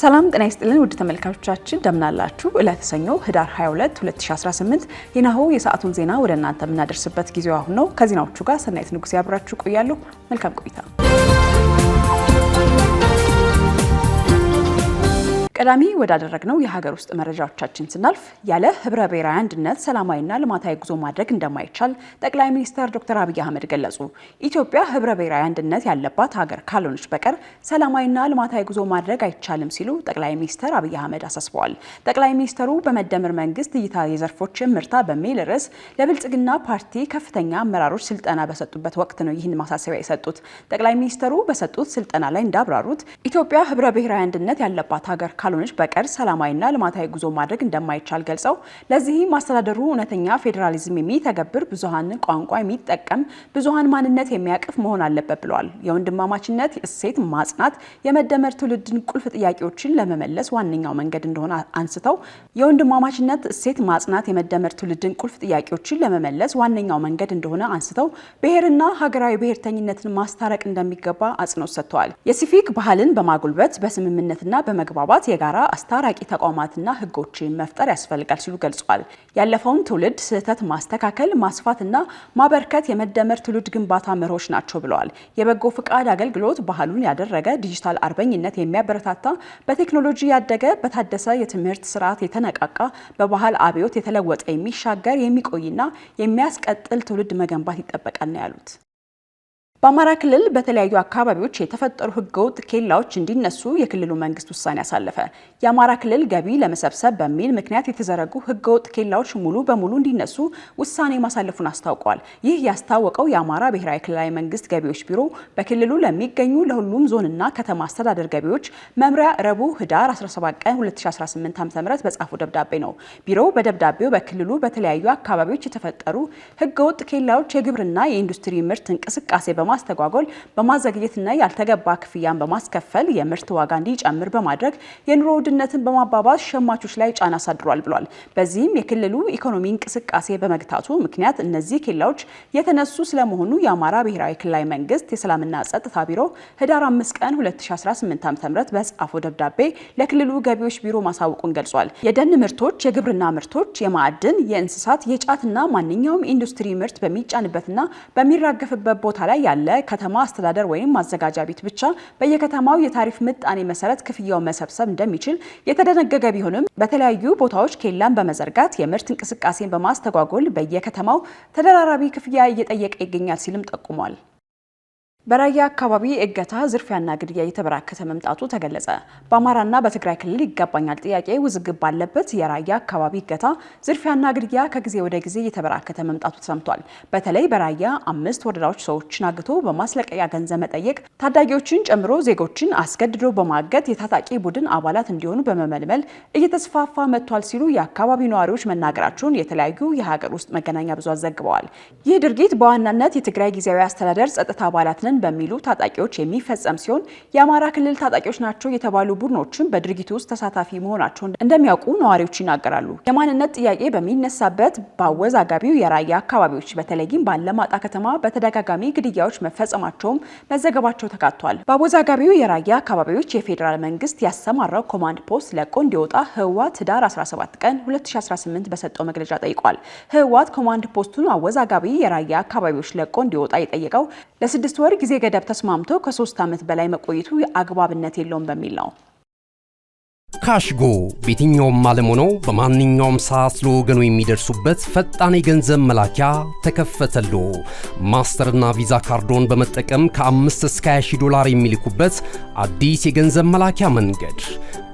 ሰላም ጤና ይስጥልን ውድ ተመልካቾቻችን እንደምናላችሁ። ዕለተ ሰኞ ህዳር 22 2018 የናሁ የሰዓቱን ዜና ወደ እናንተ የምናደርስበት ጊዜው አሁን ነው። ከዜናዎቹ ጋር ሰናይት ንጉሴ አብራችሁ ቆያለሁ። መልካም ቆይታ ቀዳሚ ወዳደረግነው የሀገር ውስጥ መረጃዎቻችን ስናልፍ ያለ ህብረ ብሔራዊ አንድነት ሰላማዊና ልማታዊ ጉዞ ማድረግ እንደማይቻል ጠቅላይ ሚኒስትር ዶክተር አብይ አህመድ ገለጹ። ኢትዮጵያ ህብረ ብሔራዊ አንድነት ያለባት ሀገር ካልሆነች በቀር ሰላማዊና ልማታዊ ጉዞ ማድረግ አይቻልም ሲሉ ጠቅላይ ሚኒስትር አብይ አህመድ አሳስበዋል። ጠቅላይ ሚኒስትሩ በመደመር መንግስት እይታ የዘርፎችን ምርታ በሚል ርዕስ ለብልጽግና ፓርቲ ከፍተኛ አመራሮች ስልጠና በሰጡበት ወቅት ነው ይህን ማሳሰቢያ የሰጡት። ጠቅላይ ሚኒስትሩ በሰጡት ስልጠና ላይ እንዳብራሩት ኢትዮጵያ ህብረ ብሔራዊ አንድነት ያለባት ሀገር ካልሆነች በቀር ሰላማዊና ልማታዊ ጉዞ ማድረግ እንደማይቻል ገልጸው ለዚህም አስተዳደሩ እውነተኛ ፌዴራሊዝም የሚተገብር ብዙሀን ቋንቋ የሚጠቀም ብዙሀን ማንነት የሚያቅፍ መሆን አለበት ብለዋል። የወንድማማችነት እሴት ማጽናት የመደመር ትውልድን ቁልፍ ጥያቄዎችን ለመመለስ ዋነኛው መንገድ እንደሆነ አንስተው የወንድማማችነት እሴት ማጽናት የመደመር ትውልድን ቁልፍ ጥያቄዎችን ለመመለስ ዋነኛው መንገድ እንደሆነ አንስተው ብሔርና ሀገራዊ ብሔርተኝነትን ማስታረቅ እንደሚገባ አጽንኦት ሰጥተዋል። የሲቪክ ባህልን በማጉልበት በስምምነትና በመግባባት የጋራ አስታራቂ ተቋማትና ህጎችን መፍጠር ያስፈልጋል ሲሉ ገልጸዋል። ያለፈውን ትውልድ ስህተት ማስተካከል፣ ማስፋትና ማበርከት የመደመር ትውልድ ግንባታ መርሆች ናቸው ብለዋል። የበጎ ፍቃድ አገልግሎት ባህሉን ያደረገ ዲጂታል አርበኝነት የሚያበረታታ በቴክኖሎጂ ያደገ በታደሰ የትምህርት ስርዓት የተነቃቃ በባህል አብዮት የተለወጠ የሚሻገር የሚቆይና የሚያስቀጥል ትውልድ መገንባት ይጠበቃል ነው ያሉት። በአማራ ክልል በተለያዩ አካባቢዎች የተፈጠሩ ህገወጥ ኬላዎች እንዲነሱ የክልሉ መንግስት ውሳኔ አሳለፈ። የአማራ ክልል ገቢ ለመሰብሰብ በሚል ምክንያት የተዘረጉ ህገወጥ ኬላዎች ሙሉ በሙሉ እንዲነሱ ውሳኔ ማሳለፉን አስታውቋል። ይህ ያስታወቀው የአማራ ብሔራዊ ክልላዊ መንግስት ገቢዎች ቢሮ በክልሉ ለሚገኙ ለሁሉም ዞንና ከተማ አስተዳደር ገቢዎች መምሪያ ረቡዕ ህዳር 17 ቀን 2018 ዓ.ም በጻፉ ደብዳቤ ነው። ቢሮው በደብዳቤው በክልሉ በተለያዩ አካባቢዎች የተፈጠሩ ህገወጥ ኬላዎች የግብርና የኢንዱስትሪ ምርት እንቅስቃሴ በማ በማስተጓጎል በማዘግየትና ያልተገባ ክፍያን በማስከፈል የምርት ዋጋ እንዲጨምር በማድረግ የኑሮ ውድነትን በማባባስ ሸማቾች ላይ ጫና አሳድሯል ብሏል። በዚህም የክልሉ ኢኮኖሚ እንቅስቃሴ በመግታቱ ምክንያት እነዚህ ኬላዎች የተነሱ ስለመሆኑ የአማራ ብሔራዊ ክልላዊ መንግስት የሰላምና ጸጥታ ቢሮ ህዳር 5 ቀን 2018 ዓ ም በጻፈው ደብዳቤ ለክልሉ ገቢዎች ቢሮ ማሳወቁን ገልጿል። የደን ምርቶች፣ የግብርና ምርቶች፣ የማዕድን፣ የእንስሳት፣ የጫትና ማንኛውም ኢንዱስትሪ ምርት በሚጫንበትና በሚራገፍበት ቦታ ላይ ያለ ያለ ከተማ አስተዳደር ወይም ማዘጋጃ ቤት ብቻ በየከተማው የታሪፍ ምጣኔ መሰረት ክፍያውን መሰብሰብ እንደሚችል የተደነገገ ቢሆንም በተለያዩ ቦታዎች ኬላን በመዘርጋት የምርት እንቅስቃሴን በማስተጓጎል በየከተማው ተደራራቢ ክፍያ እየጠየቀ ይገኛል ሲልም ጠቁሟል። በራያ አካባቢ እገታ፣ ዝርፊያና ግድያ እየተበራከተ መምጣቱ ተገለጸ። በአማራና በትግራይ ክልል ይገባኛል ጥያቄ ውዝግብ ባለበት የራያ አካባቢ እገታ፣ ዝርፊያና ግድያ ከጊዜ ወደ ጊዜ እየተበራከተ መምጣቱ ተሰምቷል። በተለይ በራያ አምስት ወረዳዎች ሰዎችን አግቶ በማስለቀቂያ ገንዘብ መጠየቅ፣ ታዳጊዎችን ጨምሮ ዜጎችን አስገድዶ በማገት የታጣቂ ቡድን አባላት እንዲሆኑ በመመልመል እየተስፋፋ መጥቷል ሲሉ የአካባቢው ነዋሪዎች መናገራቸውን የተለያዩ የሀገር ውስጥ መገናኛ ብዙሃን ዘግበዋል። ይህ ድርጊት በዋናነት የትግራይ ጊዜያዊ አስተዳደር ጸጥታ አባላት ነን በሚሉ ታጣቂዎች የሚፈጸም ሲሆን የአማራ ክልል ታጣቂዎች ናቸው የተባሉ ቡድኖችም በድርጊቱ ውስጥ ተሳታፊ መሆናቸውን እንደሚያውቁ ነዋሪዎች ይናገራሉ። የማንነት ጥያቄ በሚነሳበት በአወዛጋቢው የራያ አካባቢዎች በተለይም ባለማጣ ከተማ በተደጋጋሚ ግድያዎች መፈጸማቸውም መዘገባቸው ተካቷል። በአወዛጋቢው የራያ አካባቢዎች የፌዴራል መንግስት ያሰማራው ኮማንድ ፖስት ለቆ እንዲወጣ ህወሓት ህዳር 17 ቀን 2018 በሰጠው መግለጫ ጠይቋል። ህወሓት ኮማንድ ፖስቱን አወዛጋቢ የራያ አካባቢዎች ለቆ እንዲወጣ የጠየቀው ለስድስት ወር ጊዜ ገደብ ተስማምቶ ከሶስት ዓመት በላይ መቆየቱ አግባብነት የለውም በሚል ነው። ካሽጎ በየትኛውም ዓለም ሆነው በማንኛውም ሰዓት ለወገኑ የሚደርሱበት ፈጣን የገንዘብ መላኪያ ተከፈተሉ። ማስተርና ቪዛ ካርዶን በመጠቀም ከ5 እስከ 20 ዶላር የሚልኩበት አዲስ የገንዘብ መላኪያ መንገድ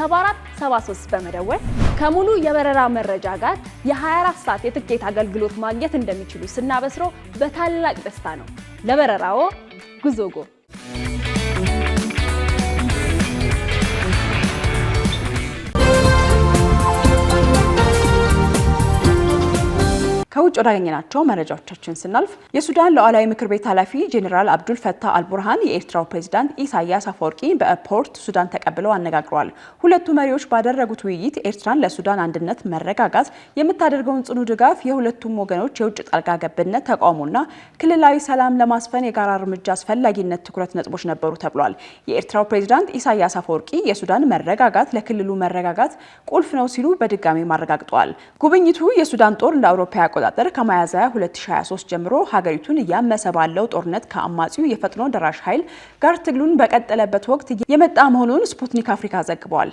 7473 በመደወል ከሙሉ የበረራ መረጃ ጋር የ24 ሰዓት የትኬት አገልግሎት ማግኘት እንደሚችሉ ስናበስሮ በታላቅ ደስታ ነው። ለበረራዎ ጉዞጎ ከውጭ ወዳገኘናቸው መረጃዎቻችን ስናልፍ የሱዳን ሉዓላዊ ምክር ቤት ኃላፊ ጄኔራል አብዱል ፈታህ አልቡርሃን የኤርትራው ፕሬዚዳንት ኢሳያስ አፈወርቂ በፖርት ሱዳን ተቀብለው አነጋግረዋል። ሁለቱ መሪዎች ባደረጉት ውይይት ኤርትራን ለሱዳን አንድነት መረጋጋት የምታደርገውን ጽኑ ድጋፍ፣ የሁለቱም ወገኖች የውጭ ጣልቃ ገብነት ተቃውሞና ክልላዊ ሰላም ለማስፈን የጋራ እርምጃ አስፈላጊነት ትኩረት ነጥቦች ነበሩ ተብሏል። የኤርትራው ፕሬዚዳንት ኢሳያስ አፈወርቂ የሱዳን መረጋጋት ለክልሉ መረጋጋት ቁልፍ ነው ሲሉ በድጋሚ ማረጋግጠዋል። ጉብኝቱ የሱዳን ጦር እንደ አውሮፓ አቆጣጠር ከሚያዝያ 2023 ጀምሮ ሀገሪቱን እያመሰ ባለው ጦርነት ከአማጺው የፈጥኖ ደራሽ ኃይል ጋር ትግሉን በቀጠለበት ወቅት የመጣ መሆኑን ስፑትኒክ አፍሪካ ዘግቧል።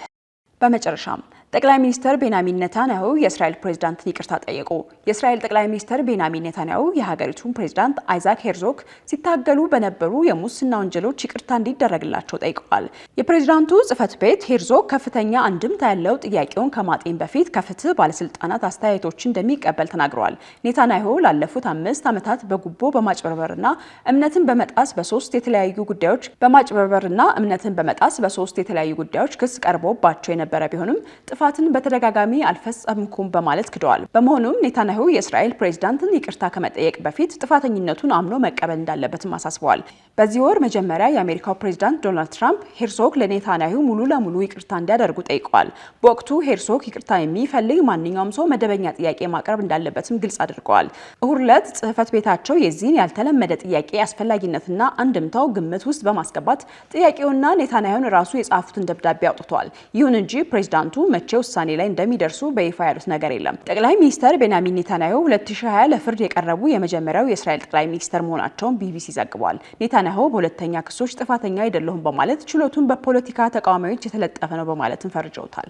በመጨረሻም ጠቅላይ ሚኒስትር ቤንያሚን ኔታንያሁ የእስራኤል ፕሬዝዳንትን ይቅርታ ጠየቁ። የእስራኤል ጠቅላይ ሚኒስትር ቤንያሚን ኔታንያሁ የሀገሪቱን ፕሬዝዳንት አይዛክ ሄርዞግ ሲታገሉ በነበሩ የሙስና ወንጀሎች ይቅርታ እንዲደረግላቸው ጠይቀዋል። የፕሬዝዳንቱ ጽህፈት ቤት ሄርዞግ ከፍተኛ አንድምታ ያለው ጥያቄውን ከማጤን በፊት ከፍትህ ባለስልጣናት አስተያየቶች እንደሚቀበል ተናግረዋል። ኔታንያሁ ላለፉት አምስት ዓመታት በጉቦ በማጭበርበርና እምነትን በመጣስ በሶስት የተለያዩ ጉዳዮች በማጭበርበርና እምነትን በመጣስ በሶስት የተለያዩ ጉዳዮች ክስ ቀርቦባቸው የነበረ ቢሆንም ጥፋትን በተደጋጋሚ አልፈጸምኩም በማለት ክደዋል። በመሆኑም ኔታንያሁ የእስራኤል ፕሬዚዳንትን ይቅርታ ከመጠየቅ በፊት ጥፋተኝነቱን አምኖ መቀበል እንዳለበትም አሳስበዋል። በዚህ ወር መጀመሪያ የአሜሪካው ፕሬዚዳንት ዶናልድ ትራምፕ ሄርሶግ ለኔታንያሁ ሙሉ ለሙሉ ይቅርታ እንዲያደርጉ ጠይቀዋል። በወቅቱ ሄርሶግ ይቅርታ የሚፈልግ ማንኛውም ሰው መደበኛ ጥያቄ ማቅረብ እንዳለበትም ግልጽ አድርገዋል። እሁድ ዕለት ጽህፈት ቤታቸው የዚህን ያልተለመደ ጥያቄ አስፈላጊነትና አንድምታው ግምት ውስጥ በማስገባት ጥያቄውና ኔታንያሁን ራሱ የጻፉትን ደብዳቤ አውጥቷል። ይሁን እንጂ ፕሬዚዳንቱ መቼ ውሳኔ ላይ እንደሚደርሱ በይፋ ያሉት ነገር የለም። ጠቅላይ ሚኒስተር ቤንያሚን ኔታንያሁ 2020 ለፍርድ የቀረቡ የመጀመሪያው የእስራኤል ጠቅላይ ሚኒስተር መሆናቸውን ቢቢሲ ዘግቧል። ኔታንያሁ በሁለተኛ ክሶች ጥፋተኛ አይደለሁም በማለት ችሎቱን በፖለቲካ ተቃዋሚዎች የተለጠፈ ነው በማለትም ፈርጀውታል።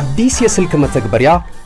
አዲስ የስልክ መተግበሪያ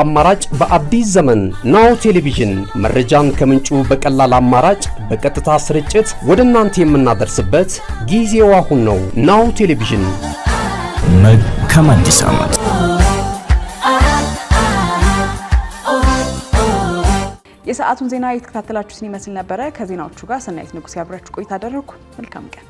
አማራጭ በአዲስ ዘመን ናሁ ቴሌቪዥን መረጃን ከምንጩ በቀላል አማራጭ በቀጥታ ስርጭት ወደ እናንተ የምናደርስበት ጊዜው አሁን ነው። ናሁ ቴሌቪዥን መልካም አዲስ ዓመት። የሰዓቱን ዜና የተከታተላችሁትን ይመስል ነበረ። ከዜናዎቹ ጋር ሰናይት ንጉሥ ያብራችሁ ቆይታ አደረግኩ። መልካም ቀን